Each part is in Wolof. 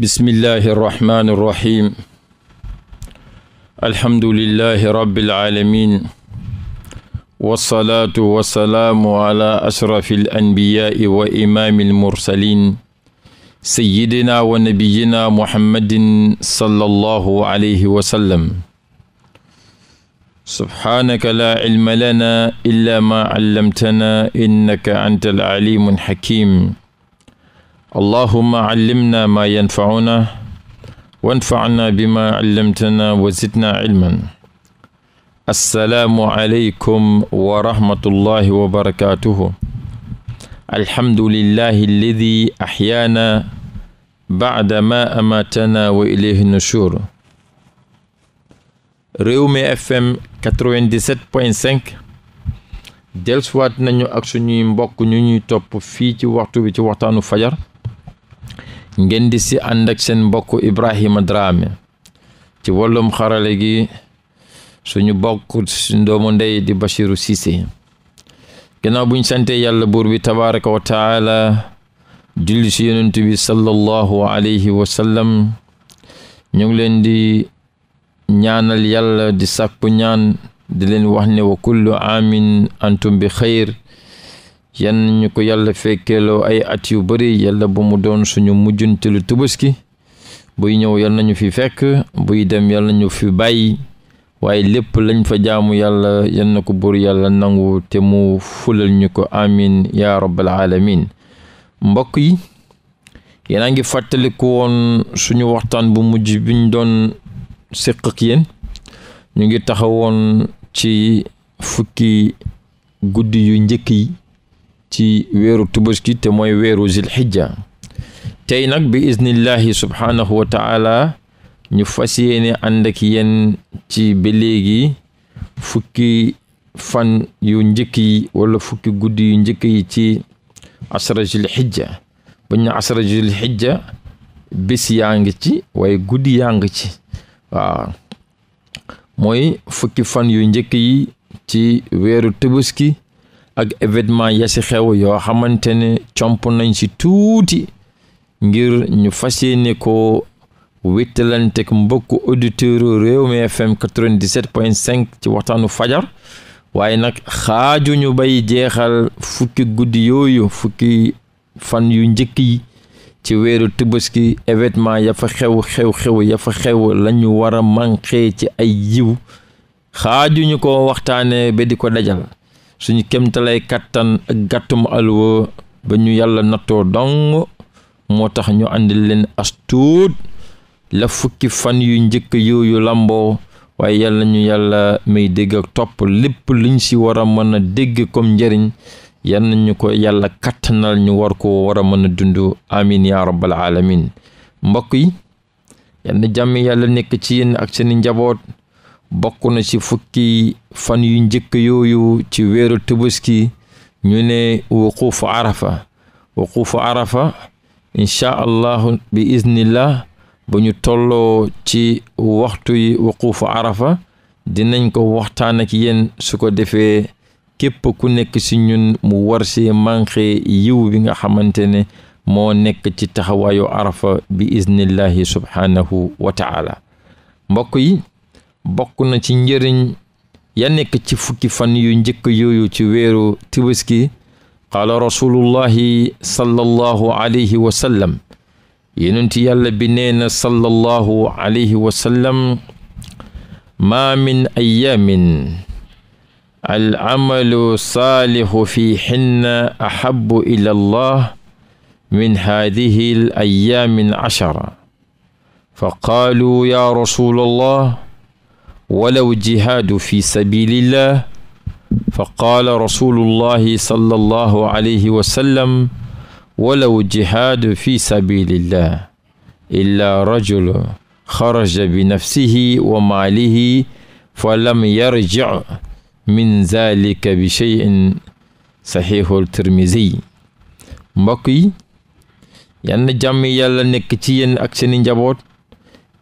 bismillahi irrahmani irrahim alhamdulillahi rabbil alamin wasalaatu wasalaamu ala ashrafi al anbiyaai wa imaami almursalin sayidina wa nabiyina muhammadin sallallahu alayhi wa sallam subhaanaka laa cilma lana illa maa callamtana innaka anta alcalimu alxakim allahuma callimna maa yanfacuna wanfacna bimaa callamtana wa zidna cilman assalaamu aleykum wa rahmatullahi wa barakatuhu alhamdulillahi alladi axyaana bacda ma amatana wa ilayhi nushur Rewmi FM 97.5 delsuwaat nañu ak suñuy mbokk ñu ñuy topp fii ci waxtu bi ci waxtaanu fajar ngeen di si ànd ak seen mbokk Ibrahima Dramé ci wàllum xarale gi suñu bokk suñu doomu ndey di Bachiru Cissé ginnaaw buñ sante yàlla buur bi tabaraka wa taala julli si yonent bi sallallahu alayhi wa ñu ngi leen di ñaanal yàlla di sàkku ñaan di leen wax ne wa kullu amin antum bi xayr yan ñu ko yàlla fekkeeloo ay at yu bari yàlla bu mu doon suñu mujjuntilu tubaski buy ñëw yan nañu fi fekk buy dem yal nañu fi bàyyi waaye lépp lañ fa jaamu yàlla yal na ko buur yàlla nangu te mu fulal ñu ko amin ya rabbal alamin mbokk yi yéen a ngi fàttaliku woon suñu waxtaan bu mujj biñ doon séq ak ñu ngi taxawoon ci fukki guddi yu njëkk yi ci weeru tubaski te mooy weeru zilxijja tey nag bi iznillahi subhaanahu wa ñu fas yéene ànd ak ci ba léegi fukki fan yu njëkk yi wala fukki guddi yu njëkk yi ci asra zilxijja bañ na asra zilxijja bés yaa ngi ci waaye guddi yaa ci waaw mooy fukki fan yu njëkk yi ci weeru tubaski ak événement ya si xew yoo xamante ne comp nañ si tuuti ngir ñu fas ni ko wéttalanteeg mbokku auditeurs Rewmi FM 97.5 ci waxtaanu fajar waaye nag xaajuñu bay jeexal fukki guddi yooyu fukki fan yu njëkk yi ci weeru Tabaski événement ya fa xew xew xew ya fa xew lañu ñu war a manqué ci ay yiw xaajuñu ko waxtaanee ba di ko dajal. suñu kemtalay kattan ak gàttum alwa ba ñu yàlla nattoo dong moo tax ñu àndi leen astuut la fukki fan yu njëkk yooyu lamboo waaye yàlla ñu yàlla may dégg ak topp lépp luñ si war a mën a dégg comme njëriñ yal nañu ko yàlla kattanal ñu war ko war a mën a dund amin ya rabbal alamin mbokk yi yal jàmm yàlla nekk ci yenn ak seeni njaboot bokk na ci fukki fan yu njëkk yooyu ci weeru tabaski ñu ne wuquufu arafa wuquufu arafa incha allahu bi iznillah ba ñu tolloo ci waxtu yi wuquufu arafa dinañ ko waxtaan ak yéen su ko defee képp ku nekk ci ñun mu war si manqué yiw bi nga xamante ne moo nekk ci taxawaayu arafa bi iznillahi subhaanahu wa mbokk yi bokk na ci njëriñ ya nekk ci fukki fan yu njëkk yooyu ci weeru Tabaski qaala rasulullahi sallallahu alayhi wa sallam yonenti yàlla bi nee na sallallahu alayhi wa sallam maa min ayaamin al amalu saalixu fi xinna ahabu ila allah min haadihi al ayaamin ashara fa qaaluu yaa rasulallah walaw jihaadu fi sabilillah fa qaala rasulullahi sallallahu alayhi wa sallam walaw jihaadu fi sabilillah illa rajulu xaraja bi nafsihi wa maalihi fa lam yarjic min zalika bi cheyin saxiixul tirmisi mbokk yi yann jàmm yàlla nekk ci yéen ak seeni njaboot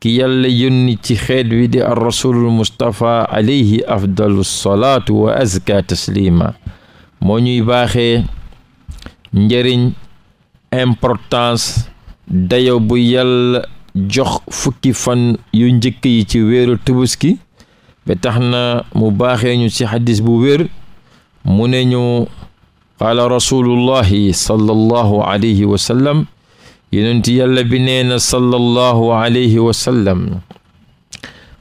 ki yàlla yónni ci xeet wi di ar rasulul mustapha alayhi afdalu salaatu wa azka taslima moo ñuy baaxe njariñ importance dayo bu yàlla jox fukki fan yu njëkk yi ci weeru tubuski ba tax na mu baaxe ñu ci xadis bu wér mu ne ñu qaala rasulullahi sallallahu alayhi wa yonent yàlla bi nee na sallallahu alayhi wa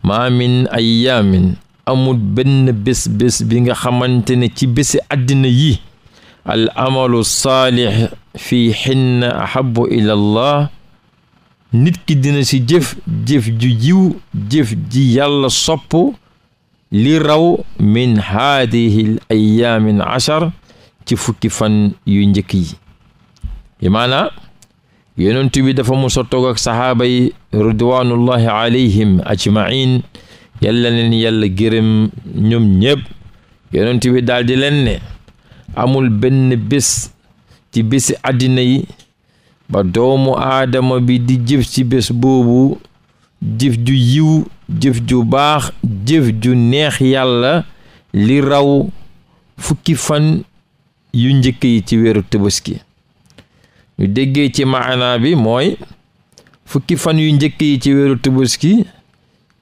maa min ayaamin amul benn bés bés bi nga xamante ne ci bési àddina yi al amalu saalix fii xinna ahabu ila allah nit dina ci jëf jëf jiw jëf ji yàlla sopp li raw min haadihi l ayaamin achar ci fukki fan yu njëkk yi maanaam yonent bi dafa musa toog ak saxaaba yi ridwanullahi alayhim ajmain yàlla leen yàlla gërëm ñoom ñëpp yonent bi daal di leen ne amul benn bés ci bés àddina yi ba doomu aadama bi di jëf ci bés boobu jëf ju yiw jëf ju baax jëf ju neex yàlla li raw fukki fan yu njëkk yi ci weeru tabaski ñu déggee ci maana bi mooy fukki fan yu njëkk yi ci weeru tabaski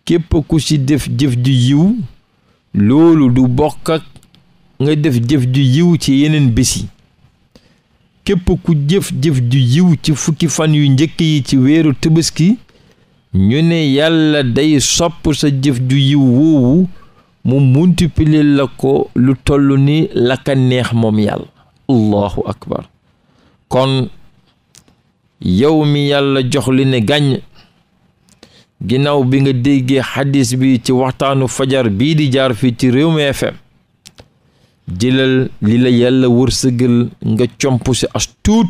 képp ku ci def jëf ju yiw loolu du bokk nga def jëf ju yiw ci yeneen bés képp ku jëf jëf ju yiw ci fukki fan yu njëkk yi ci weeru tabaski ñu ne yàlla day sopp sa jëf ju yiw woowu mu multiplier la ko lu toll ni la neex moom yàlla allahu akbar kon yow mi yàlla jox li ne gàññ ginnaaw bi nga déggee xadis bi ci waxtaanu fajar bii di jaar fii ci réew mi FM jëlal li la yàlla wërsëgal nga comp si as tuut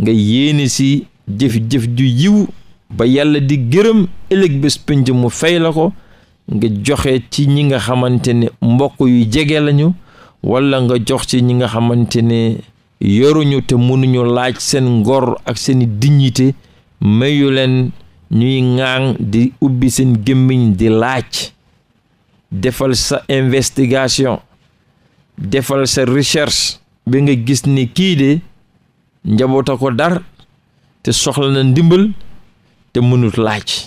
nga yéene si jëf-jëf ju yiw ba yàlla di gërëm ëllëg bés pénc mu fay la ko nga joxe ci ñi nga xamante ne mbokk yu jege lañu walla nga jox ci ñi nga xamante ne yoruñu te mënuñu laaj seen ngor ak seen dignité mayuleen ñuy ŋaang di ubbi seen gémmiñ di laaj defal sa investigasiyon defal sa recherche bi nga gis ni kii de njaboota ko dar te soxla na ndimbal te mënut laaj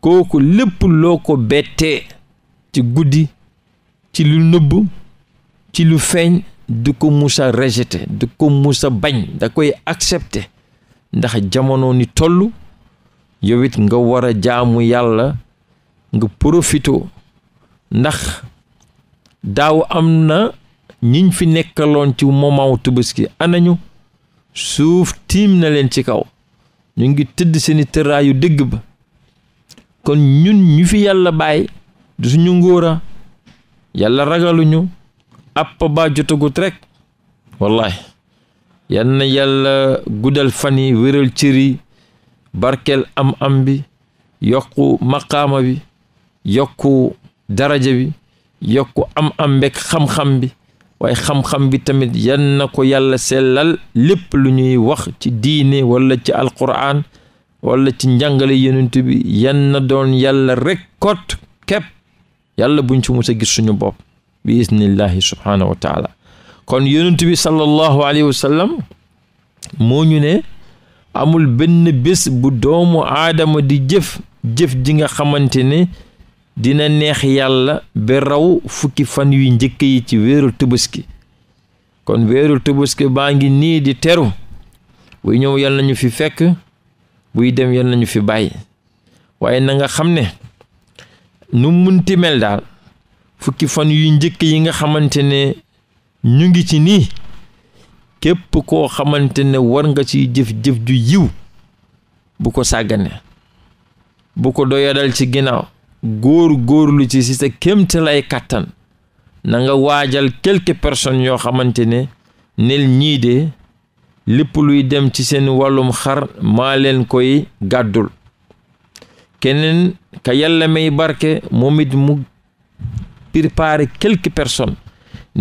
kooku lépp loo ko bettee ci guddi ci lu nëbb ci lu feeñ du ko musa rejeté du ko musa bañ da koy accepté ndax jamono ni toll yow it nga war a jaamu yàlla nga profito ndax daaw am na ñiñ fi nekkaloon ci momaaw tubaski anañu suuf tiim na leen ci kaw ñu ngi tëdd seeni tëraayu dëgg ba kon ñun ñu fi yàlla bàyyi du suñu ngóora yàlla ragaluñu app ba jotagut rek wallahi yan na yàlla guddal fan yi wéral cëri barkeel am am bi yokku maqaama bi yokku daraja bi yokku am am mbek xam-xam bi waaye xam-xam bi tamit yan na ko yàlla sellal lépp lu ñuy wax ci diine wala ci alquran wala ci njàngale yonent bi yan na doon yàlla rek kot képp yàlla buñ ci mus gis suñu bopp bi isnillahi subhaanahu kon yonent bi sallallahu alayhi moo ñu ne amul benn bés bu doomu aadama di jëf jëf ji nga xamante ne dina neex yàlla ba raw fukki fan yu njëkk yi ci weeru tëbaski kon weeru tëbaski baa ngi nii di teru buy ñëw yal nañu fi fekk buy dem yal nañu fi bàyyi waaye nanga xam ne nu munti mel daal fukki fan yu njëkk yi nga xamante ne ñu ngi ci nii képp koo xamante ne war nga ci jëf-jëf ju yiw bu ko sàgganee bu ko doyadal ci ginnaaw góor góorlu ci si sa kémte lay kàttan na nga waajal quelque personnes yoo xamante ne nel ñii lépp luy dem ci seen wàllum xar maa leen koy gàddul keneen ka yàlla may barke moom mu préparé quelques personnes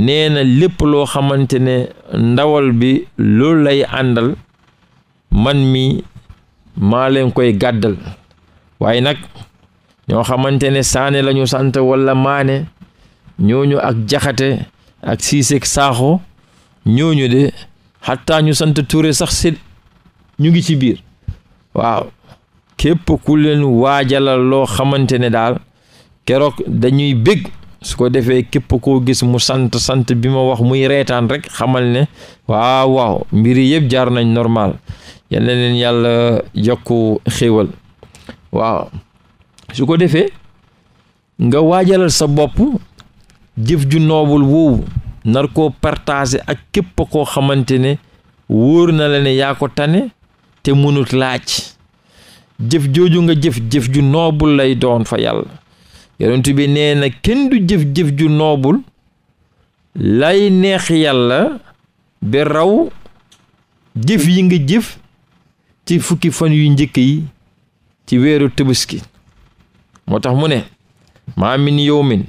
nee na lépp loo xamante ne ndawal bi loolu lay àndal man mi maa leen koy gàddal waaye nag ñoo xamante ne saane lañu ñu sant walla maane ñooñu ak jaxate ak siisek saaxo ñooñu de xataa ñu sant ture sax si ñu ngi ci biir waaw képp ku waajalal loo xamante ne daal keroog dañuy bég su ko defee képp koo gis mu sant sant bi ma wax muy reetaan rek xamal ne waaw waaw mbir yi jaar nañ normal yal na leen yàlla yokku xéewal waaw su ko defee nga waajalal sa bopp jëf ju noobul woowu nar ko partager ak képp koo xamante ne wóor na la ne yaa ko tane te mënut laaj jëf jooju nga jëf jëf ju noobul lay doon fa yàlla yonent bi nee na kenn du jëf-jëf ju noobul lay neex yàlla ba raw jëf yi ngi jëf ci fukki fan yu njëkk yi ci weeru tëbaski moo tax mu ne maa min yowmin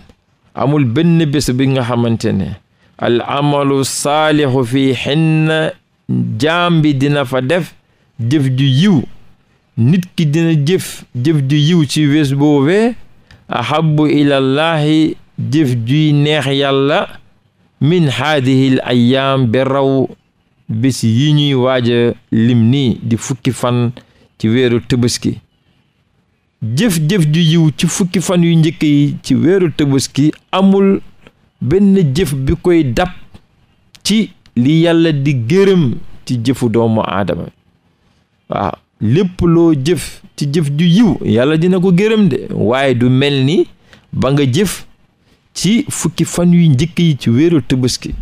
amul benn bés bi nga xamante ne al amalu saalixu fii xinn jaam bi dina fa def jëf ju yiw nit ki dina jëf jëf ju yiw ci wés ahabu ilallaahi jëf juy neex yàlla min haadihil ayaam be raw bés yi ñuy waaja lim ni di fukki fan ci weeru tëbaski jëf-jëf ju yiw ci fukki fan yu njëkk yi ci weeru tëbaski amul benn jëf bi koy dab ci li yàlla di gërëm ci jëfu doomu aadama waaw lépp loo jëf ci jëf ju yiw yàlla dina ko gërëm de waaye du mel ni ba nga jëf ci fukki fan yu njëkk yi ci weeru Tabaski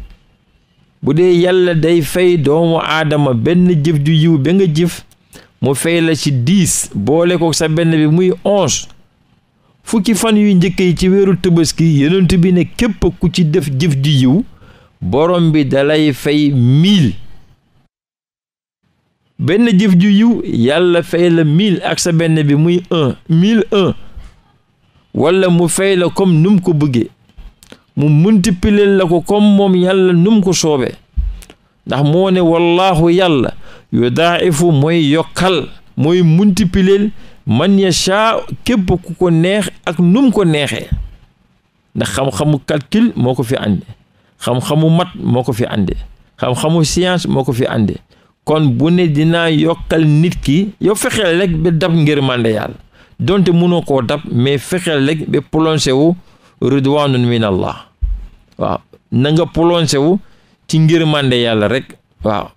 bu dee yàlla day fay doomu aadama benn jëf ju yiw ba nga jëf mu fay la ci dix boole ko sa benn bi muy onze fukki fan yu njëkk yi ci weeru Tabaski yonent bi ne képp ku ci def jëf ju yiw borom bi dalay fay mille benn jëf ju yiw yàlla fay la mille ak sa benn bi muy un mille wala mu fay la comme num ko bëggee mu multiplier la ko comme moom yàlla num ko soobee ndax moo ne wallaahu yàlla yu daaifu mooy yokkal mooy multiplier man yashaa képp ku ko neex ak num ko neexee ndax xam-xamu calcul moo ko fi àndi xam-xamu mat moo ko fi àndi xam-xamu science moo ko fi àndi kon bu ne dinaa yokkal nit ki yow fexee rek ba dab ngir mànde yàlla donte mënoo koo dab mais fexee rek ba plongé wu ridwanun min allah waaw na nga plongé wu ci ngir mànde yàlla rek waaw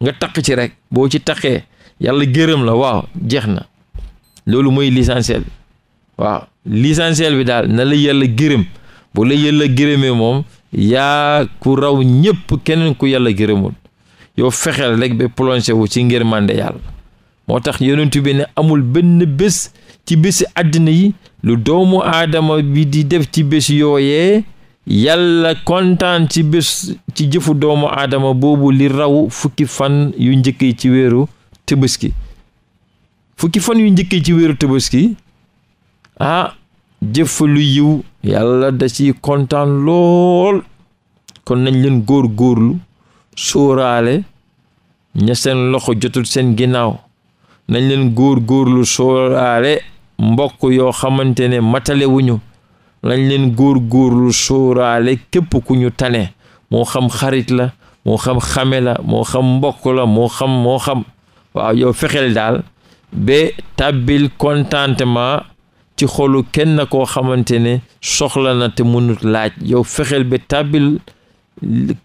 nga takk ci rek boo ci takkee yàlla gërëm la waaw jeex na loolu mooy l'essentiel waaw l'essentiel bi daal na la yàlla gërëm bu la yàlla gërëmee moom yaa ku raw ñépp keneen ku yàlla gërëmul yow fexeel rek ba plongé wu ci ngërmande yàlla moo tax yonent bi ne amul benn bés ci bési àddina yi lu doomu aadama bi di def ci bés yooyee yàlla kontaan ci bés ci jëfu doomu aadama boobu li raw fukki fan yu njëkk yi ci weeru tëbaski fukki fan yu njëkk yi ci wéeru tëbaski ah jëf lu yiw yàlla da ci kontaan lool kon nañ leen góor góorlu suuraale ña seen loxo jotul seen ginnaaw nañ leen góor góorlu suuraale mbokk yoo xamante ne matale wuñu nañ leen góor góorlu suuraale képp ku ñu tane moo xam xarit la moo xam xame la moo xam mbokk la moo xam waaw yow fexeel daal ba tàbbil contentement ci xolu kenn koo xamante ne soxla na te mënut laaj yow fexeel ba tàbbil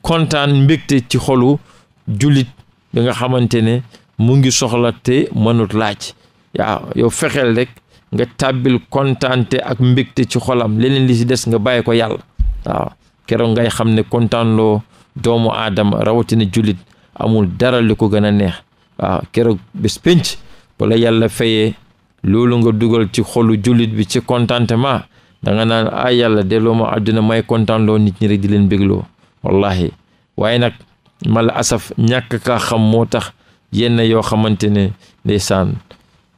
kontaan mbégte ci xolu jullit bi nga xamante ne mu ngi soxla te mënut laaj yow fexeel rek nga tàbbil kontaante ak mbégte ci xolam leneen li si des nga bàyyi ko yàlla waaw keroog ngay xam ne kontaanloo doomu aadama rawatina jullit amul dara li ko gën a neex waaw keroog bés pénc wala yàlla fayee loolu nga dugal ci xolu jullit bi ci contentement da nga naan ay yàlla delloo ma àdduna may kontaanloo nit ñi rek di leen bégloo wallahi waaye nag mal asaf ñàkk kaa xam moo tax yenn yoo xamante ne ndeysaan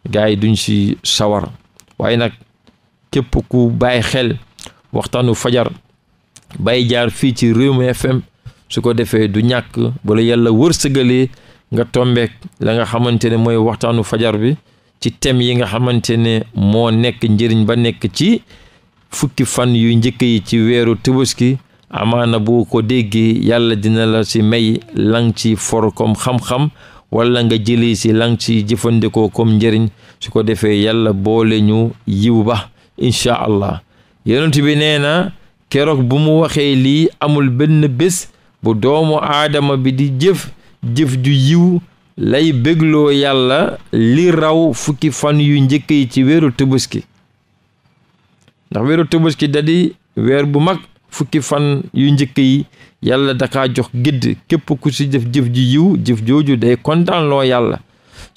gars yi duñ si sawar waaye nag képp ku bàyyi xel waxtaanu fajar bàyyi jaar fii ci Rewmi FM su ko defee du ñàkk bala yàlla wërsëgalee nga tombeek la nga xamante ne mooy waxtaanu fajar bi ci thème yi nga xamante ne moo nekk njëriñ ba nekk ci fukki fan yu njëkk yi ci weeru Tabaski amaana bu ko déggee yàlla dina la ci may lang ci for comme xam-xam wala nga jëlee si lang ci jëfandikoo kom njariñ su ko defee yàlla boole ñu yiw ba incha allah yonent bi nee na keroog bu mu waxee lii amul benn bés bu doomu aadama bi di jëf jëf ju yiw lay bégloo yàlla li raw fukki fan yu njëkk yi ci weeru tëbaski ndax weeru tëbaski da weer bu mag fukki fan yu njëkk yi yàlla dakaa jox gëdd képp ku si def jëf ji yiw jëf jooju day kontaan yàlla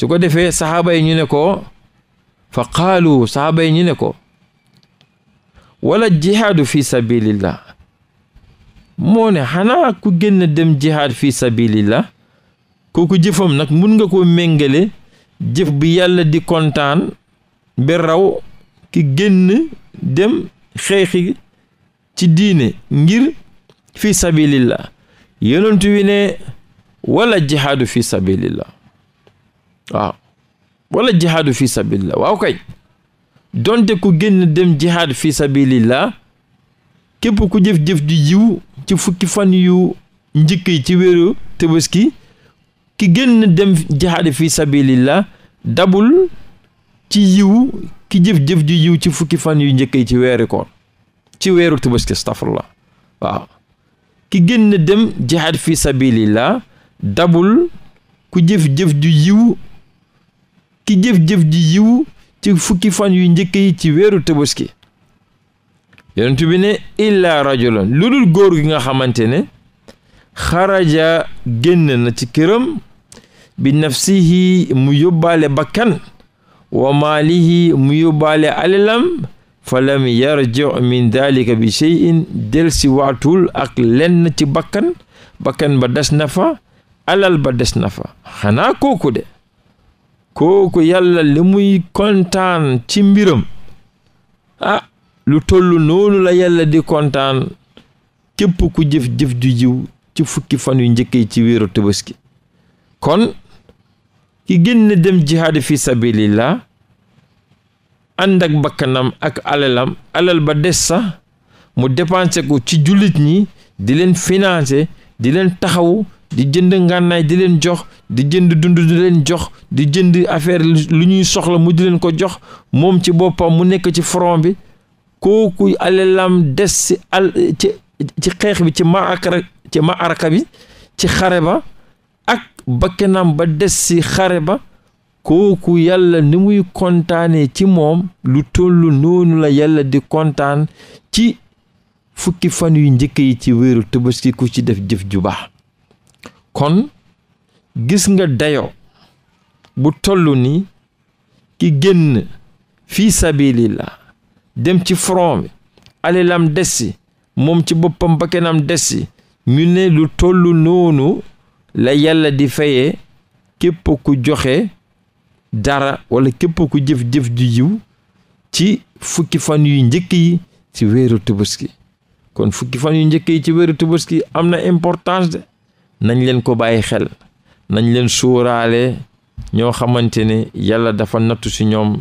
su ko defee saxaaba yi ñu ne ko fa qaalu saxaaba yi ñu ne ko wala jihaadu fi sabilillah moo ne xanaa ku génn dem jihaad fi sabilillah kooku jëfam nag mun nga koo méngale jëf bi yàlla di kontaan bi raw ki génn dem xeexi ci diine ngir fi sabilillah yonent wi ne wala jihaadu fi sabilillah waaw wala jihaadu fi sabilillah waaw kay donte ku génn dem jihaad fi sabilillah képp ku jëf-jëf ju jiw ci fukki fan yu njëkk yi ci wéeru Tabaski ki génn dem jihaad fi dabul ci yiw ki jëf-jëf ju yiw ci fukki fan yu njëkk ci weeri koor ci weeru tabaski astafurlah waaw ki génn dem jihaad fi sabilillah dabul ku jëf-jëf ju yiw ki jëf-jëf ju yiw ci fukki fan yu njëkk yi ci weeru tabaski yonent bi ne illa lu dul góor gi nga xamante ne xaraja génn na ci këram bi yi mu yóbbaale bakkan wa yi mu yóbbaale alalam fa lam yarji min dalika bi cheyin del si waatul ak lenn ci bakkan bakkan ba des na fa alal ba des na fa xanaa kooku de kooku yàlla li muy kontaan ci mbiram ah lu toll noonu la yàlla di kontaan képp ku jëf-jëf ju jiw ci fukki fan yu njëkk ci wéeru tabaski kon ki génn dem jihaad fi sabilillah ànd ak bakkanam ak alalam alal ba des sax mu dépensé ko ci jullit ñi di leen financé di leen taxawu di jënd ngànnaay di leen jox di jënd dund di leen jox di jënd affaire lu ñuy soxla mu di leen ko jox moom ci boppam mu nekk ci front bi kooku alalam des si al ci xeex bi ci maakara ci bi ci xare ba ak bakkanam ba des si xare ba kooku yàlla ni muy kontaane ci moom lu tollu noonu la yàlla di kontaan ci fukki fan yu njëkk yi ci wéeru tabaski ku ci def jëf juba kon gis nga dayo bu tollu ni ki génn fii sabili la dem ci front bi alalam dessi moom ci boppam bakkenam dessi ñu ne lu toll noonu la yàlla di fayee képp ku joxe dara wala képp ku jëf-jëf ju yiw ci fukki fan yu njëkk yi ci wéeru Tabaski kon fukki fan yu njëkk yi ci wéeru Tabaski am na importance de nañ leen ko bàyyi xel nañ leen suuraale ñoo xamante ne yàlla dafa nattu ci ñoom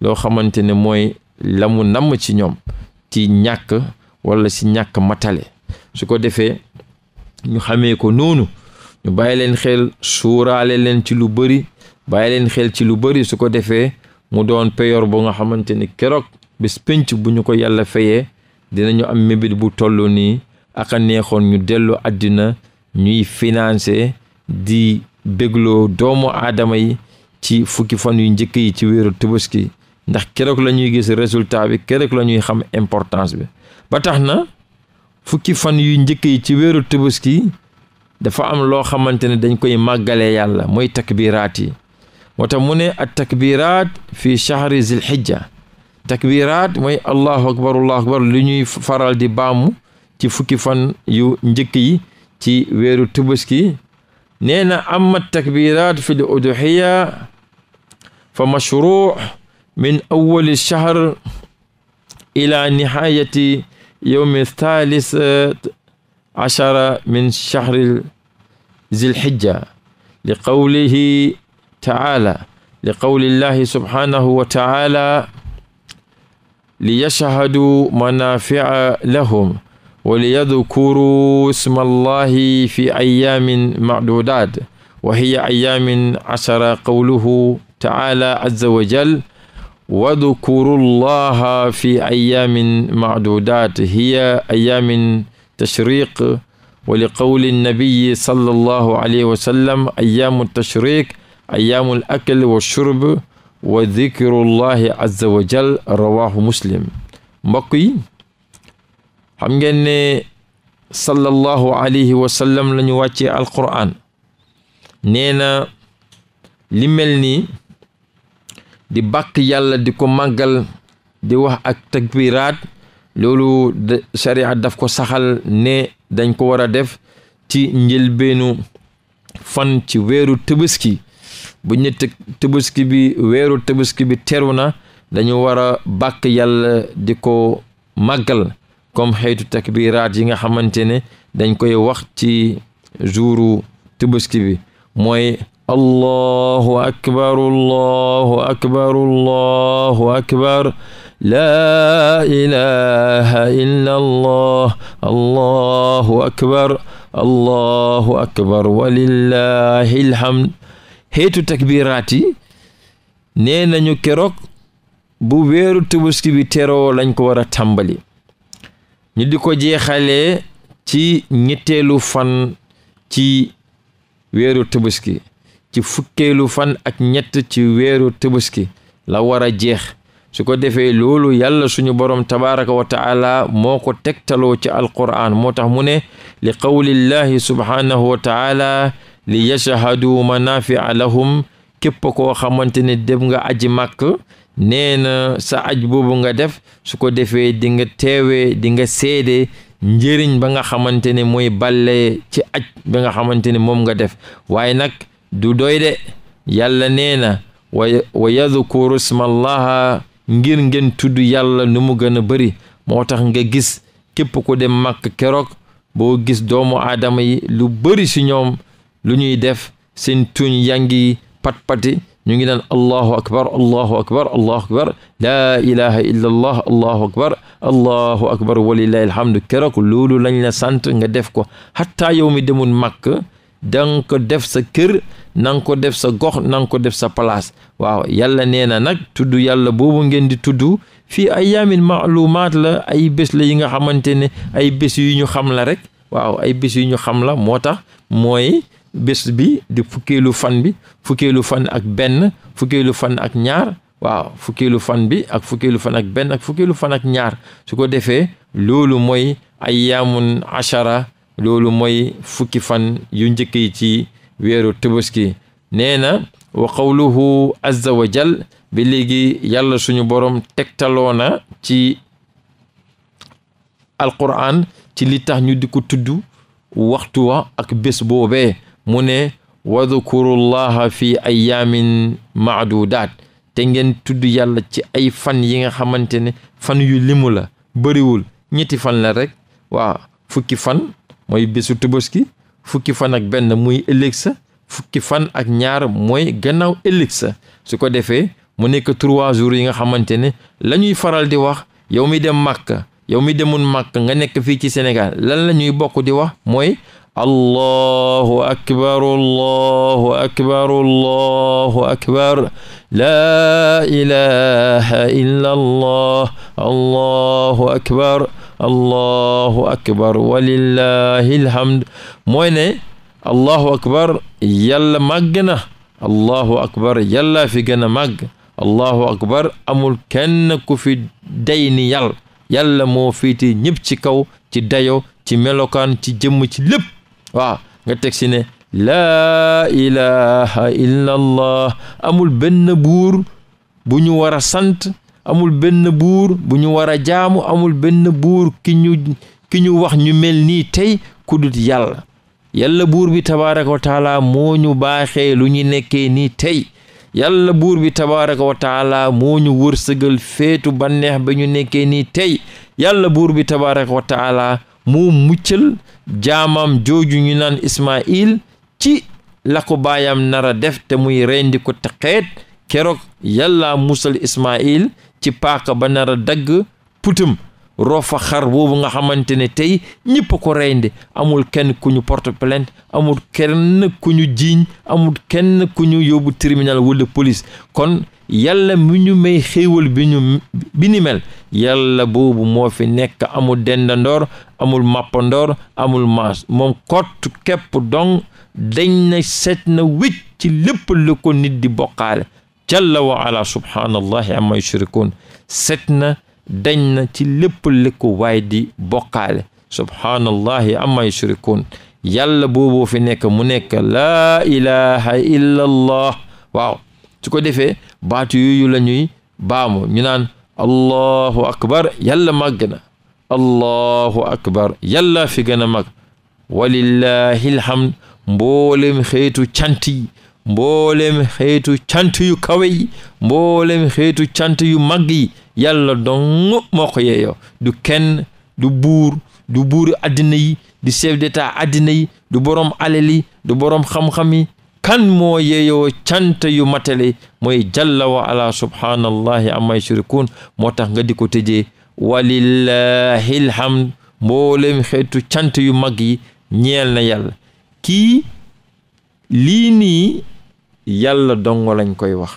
loo xamante ne mooy la namm ci ñoom ci ñàkk wala ci ñàkk matale su ko defee ñu xamee ko noonu ñu bàyyi leen xel suuraale leen ci lu bari bàyyi leen xel ci lu bëri su ko defee mu doon peyor bu nga xamante ni keroog bés pénc bu ñu ko yàlla fayee dinañu am mébét bu toll nii ak a neexoon ñu dellu àddina ñuy financé di bégloo doomu aadama yi ci fukki fan yu njëkk yi ci wéeru Tabaski ndax keroog la ñuy gis résultat bi keroog la ñuy xam importance bi ba tax na fukki fan yu njëkk yi ci wéeru Tabaski dafa am loo xamante ne dañ koy màggalee yàlla mooy takbiraat yi moo mu ne at takbiraat fi chahri zilhijja takbiraat mooy allahu akbar allahu akbar li ñuy faral di baamu ci fukki fan yu njëkk yi ci weeru tubaski nee na amma takbiraat fi l fa mashruux min awali chahr ila nihayati yowmi thalis min chahri zilhijja li taala li qawlillahi subhanahu wa taala li yashhadu manafi'a lahum wa liyadhkuruu isma allahi fi ayaamin ma'dudaat wa hiya ayaamin ashara qawluhu taala azza wa jal wadhkuru llaha fi ayaamin ma'dudaat hiya ayaamin tashriq wa li qawli nnabiyi sallallahu alayhi wa sallam ayaamu tashriq ayaamul akli wa shurb wa dikrullahi azza wa jal rawahu muslim mbokk yi xam ngeen ne sallallahu alayhi wa sallam la ñu wàccee alquran nee li mel nii di bàkk yàlla di ko màggal di wax ak takbiraat loolu sharia daf ko saxal ne dañ ko war a def ci njëlbeenu fan ci weeru tëbaski buñ ne tëbaski bi weeru tëbaski bi teru na dañu war a bàkk yàlla di ko màggal comme xeetu takbiraat yi nga xamante ne dañ koy wax ci juuru tëbaski bi mooy allahu akbar allahu akbar allahu akbar laa ilaha illa allah allahu akbar allahu akbar walillahi alhamd xeetu takbiraat yi nee nañu keroog bu weeru tabaski bi teroo lañ ko war a tàmbali ñu di ko jeexale ci ñetteelu fan ci weeru tabaski ci fukkeelu fan ak ñett ci weeru tabaski la war a jeex su ko defee loolu yàlla suñu borom tabaraka wa moo ko tegtaloo ci alquraan moo tax mu ne li qawlillahi subhaanahu wa li yashhadu manafia lahum képp koo xamante ne dem nga aji màkk nee na sa aj boobu nga def su ko defee dinga nga teewee di nga seede njëriñ ba nga xamante ne mooy balle ci aj ba nga xamante ne moom nga def waaye nag du doy de yàlla nee na wa wa yadkuru smallaha ngir ngeen tudd yàlla nu mu gën a bëri moo tax nga gis képp ku dem màkk keroog boo gis doomu aadama yi lu bëri si ñoom lu ñuy def seen tuñ yaa ngi pat-pati ñu ngi naan allahu akbar allahu akbar allahu akbar laa ilaha illa allah allahu akbar allahu alhamdu keroog loolu lañ la sant nga def ko xataa yow mi demul màkk danga def sa kër nanga ko def sa gox nanga ko def sa palaas waaw yàlla nee na nag tudd yàlla boobu ngeen di tudd fii ay yaamin maalumaat la ay bés la yi nga xamante ne ay bés yu ñu xam la rek waaw ay bés yu ñu xam la moo tax mooy bés bi di fukkeelu fan bi fukkeelu fan ak benn fukkeelu fan ak ñaar waaw fukkeelu fan bi ak fukkeelu fan ak benn fukkeelu fan ak ñaar su ko defee loolu mooy ayyaamun ashara loolu mooy fukki fan yu njëkk yi ci weeru tëbaski nee na wa qawluhu azza wa bi léegi yàlla suñu borom tegtaloona ci alquran ci li tax ñu di ko tudd waxtu wa ak bés boobee mu ne wadkurullaha fi ayaamin maadudaat te ngeen tudd yàlla ci ay fan yi nga xamante ne fan yu limu la bëriwul ñetti fan la rek waaw fukki fan mooy bésu tubaski fukki fan ak benn muy ëllëg fukki fan ak ñaar mooy gannaaw ëllëg sa su ko defee mu nekk trois jours yi nga xamante ne la ñuy faral di wax yow mi dem makk yow mi demul màkk nga nekk fii ci Sénégal lan la ñuy bokk di wax mooy allahu akbar allahu akbar allahu akbar laa ilaha allah akbar allahu akbar walillahi alhamd akbar yàlla màgg na allahu akbar yàlla fi gën a màgg akbar amul kenn ku fi day ni yàlla yàlla moo fiiti ñëpp ci kaw ci dayo ci melokaan ci jëmm ci lépp waaw nga teg si ne laa ilaha illa amul benn buur bu ñu war a sant amul benn buur bu ñu war a jaamu amul benn buur ki ñu wax ñu mel ni tey ku dut yàlla buur bi tabaraka wa taala moo ñu baaxee lu ñu nekkee ni tey yàlla buur bi tabaraka wa taala moo ñu féetu banneex ba ñu nekkee nii tey yàlla buur bi tabaraka wa taala mu muccal jaamam jooju ñu naan Ismaayil ci lakku ko baayam nara def te muy rendi ko taqeet keroog yàlla musal Ismaayil ci paaka ba nara dagg putum roofa xar boobu nga xamante ne tey ñëpp ko reynde amul kenn ku ñu porte plainte amul kenn ku ñu jiiñ amul kenn ku ñu yóbbu tribunal wala police kon yàlla mi ñu may xéewal mel yàlla boobu moo fi nekk amul dendandoor amul màppandoor amul maas moom kott képp dong dañ na set na wécc ci lépp lu ko nit di bokkaale jalla wa ala subhaanallahi amma yushrikun set dañ na ci lépp lëkku waaye di bokkaale subhaanallahi amma yushrikun yàlla booboo fi nekk mu nekk laa ilaha illa allah waaw ko defee baatu yooyu lañuy ñuy baamu ñu naan allahu akbar yalla màgg na allahu akbar yàlla fi gën a mag walillahi alhamd mboolem xeetu cant yi xeetu cant yu kawe mboolem xeetu cant yu mag yi yàlla dong moo ko yeeyoo du kenn du buur du buuru àddina yi du chef d'état àddina yi du borom alal du boroom xam-xam yi kan moo yeeyoo cant yu matale mooy jalla wa ala subhaanallahi amma yushrikuun moo tax nga di ko tëjee walillahi alhamd mboolem xeetu cant yu mag yi ñeel na yàlla kii lii nii yàlla dongo lañ koy wax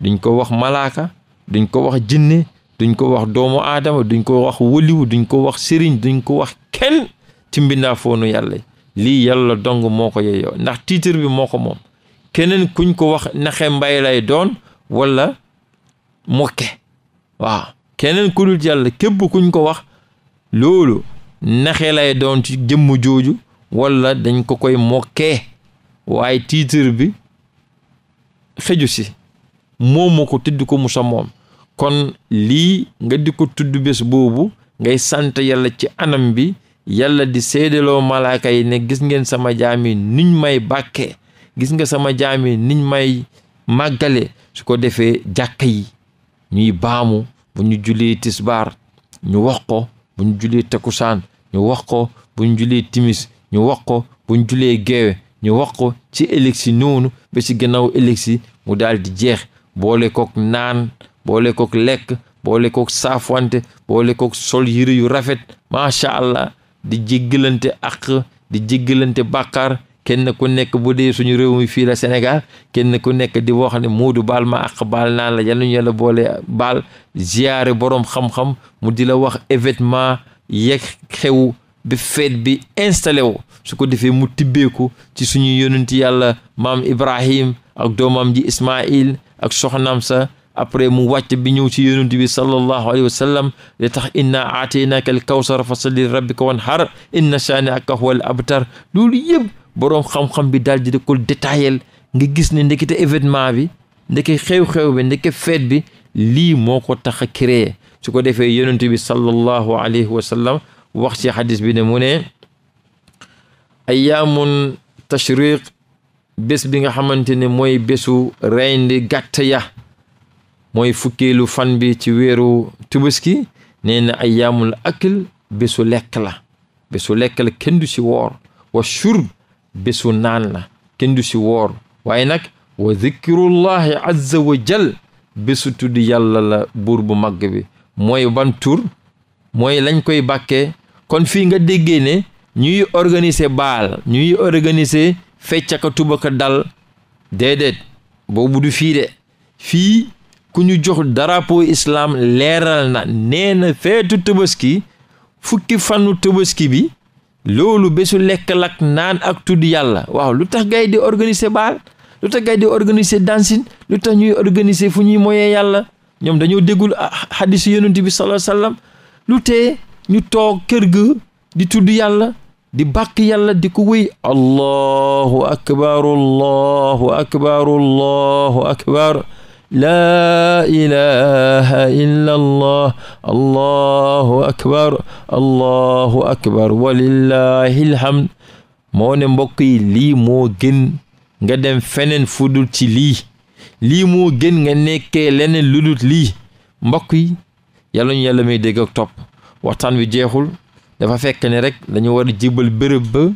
duñ ko wax malaaka duñ ko wax jinne duñ ko wax doomu aadama duñ ko wax wëliwu duñ ko wax sëriñ duñ ko wax kenn ci mbindaa foonu yàlla lii yàlla dong moo ko yeyoo ndax titre bi moo ko moom keneen kuñ ko wax naxe mbay lay doon walla mokke waaw keneen ku dul yàlla képp kuñ ko wax loolu naxe lay doon ci jëmm jooju walla dañ ko koy mokkee waaye titre bi feju si moomu ko tudd ko musa moom kon lii nga di ko tudd bés boobu ngay sant yàlla ci anam bi yàlla di seedaloo malaaka yi ne gis ngeen sama jaami niñ may bàkke gis nga sama jaami niñ may màggale su ko defee jàkka yi ñuy baamu bu ñu julee tisbaar ñu wax ko bu ñu julee takusaan ñu wax ko bu ñu julee timis ñu wax ko bu ñu julee geewe ñu wax ko ci éleksi noonu ba ci gannaaw éleksi mu daldi jeex boole kook naan boole kook lekk boole kook saafwante boole kook sol yëre yu rafet macha allah di jéggalante ak di jéggalante bàkkaar kenn ku nekk bu dee suñu réew mi fii la Sénégal kenn ku nekk di wax ne Moodu baal ma ak baal naa la yal nañu yàlla boole baal ziyaare boroom xam-xam mu di la wax événement yeeg xew bi feet bi installé wu su ko defee mu tibbeeku ci suñu yonent yàlla maam Ibrahim ak doomam ji Ismail ak soxnaam sa après mu wàcc bi ñëw ci yonent bi sallallahu alayhi wa sallam li tax inna aataynaaka al kawsar fa salli rabbika wanhar inna shaani'aka huwal abtar loolu yëpp boroom xam-xam bi daal di ko détaillé nga gis ne ndekete événement bi ndeke xew-xew bi ndeke feet bi lii moo ko tax a créé su ko defee yonent bi sallallahu alayhi wa sallam wax ci xadis bi ne mu ne ayaamun tashriq bés bi nga xamante ne mooy bésu reyndi gàtt ya mooy fukkeelu fan bi ci weeru tubaski nee na ayyaamul akl bésu lekk la bésu lekk la kenn du ci woor wa shurb bésu naan la kenn du ci woor waaye nag wa zikrullahi azza wa jal bésu tudd yàlla la buur bu màgg bi mooy ban mooy lañ koy bakke kon fii nga déggee ne ñuy organiser baal ñuy organiser feccaka tubaka dal déedéet boobu du fii de fii ku ñu jox drapeau islam leeral na nee feetu tëbaski fukki fannu tëbaski bi loolu bésu lekk lak naan ak tudd yàlla waaw lu tax gay di organiser baal lu tax gay di organiser dancing lu tax ñuy organiser fu ñuy moyee yàlla ñoom dañoo déggul xadisu ah, yonent bi sallallahu alayhi lu tee ñu toog kër ga di tudd yàlla di bàkk yàlla di ko wéy allahu akbar allahu akbar allahu akbar laa ilaha illa allah allahu akbar allahu akbar walillahi alhamd moo ne mbokk lii moo gën nga dem feneen fudul ci lii lii moo gën nga nekkee leneen ludut lii mbokk yi yàlla ñu yàlla may dégg topp waxtaan wi jeexul dafa fekk ne rek dañu war a jibal bërëb ba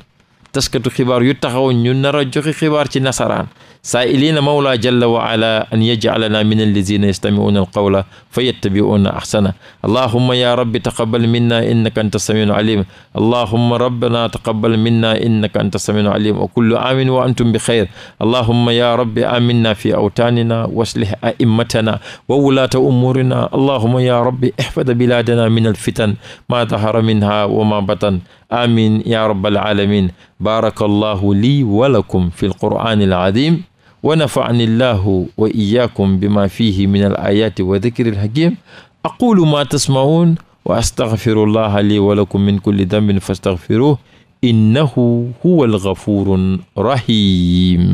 taskatu xibaar yu taxaw ñu nar joxe xibaar ci nasaraan saa'iliina mawla jalla wa ala an yaj'alana min allazina yastami'una alqawla fayattabi'una ahsana allahumma ya rabbi taqabbal minna innaka anta samiun alim allahumma rabbana taqabbal minna innaka anta samiun alim wa kullu amin wa antum bi xayr allahumma ya rabbi aminna fi awtaanina waslih a'immatana wa wulaata umurina allahumma ya rabbi ihfad biladana min alfitan ma dahara minha wa ma batan amin ya rabbal alamin barakallahu li wa lakum fi alqur'ani alazim wa nafani llahu wa iyakum bima fihi min al ayati wa dikri al hakim aqulu ma tasmaun wa astaghfiru llaha li wa lakum min kulli dambin fastaghfiruh innahu huwa al ghafuru rahim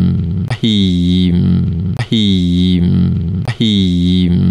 rahim rahim rahim